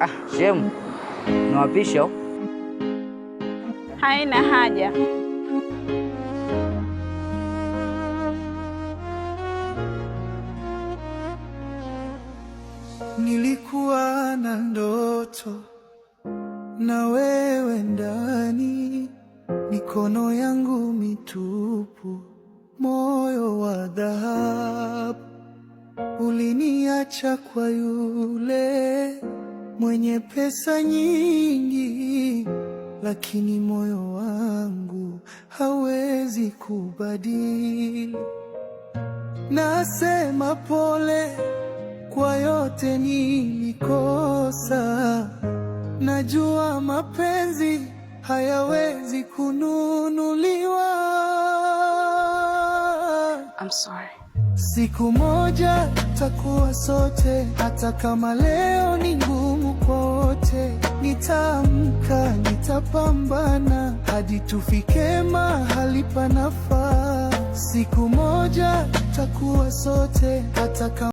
Ah, shemu nawapisha, haina haja. Nilikuwa na ndoto na wewe ndani, mikono yangu mitupu, moyo wa dhahabu, uliniacha kwa yule mwenye pesa nyingi, lakini moyo wangu hawezi kubadili. Nasema pole kwa yote nilikosa. Najua mapenzi hayawezi kununuliwa. I'm sorry. Siku moja takuwa sote, hata kama leo ni ngumu kote. Nitaamka, nitapambana hadi tufike mahali panafaa. Siku moja takuwa sote, hata kama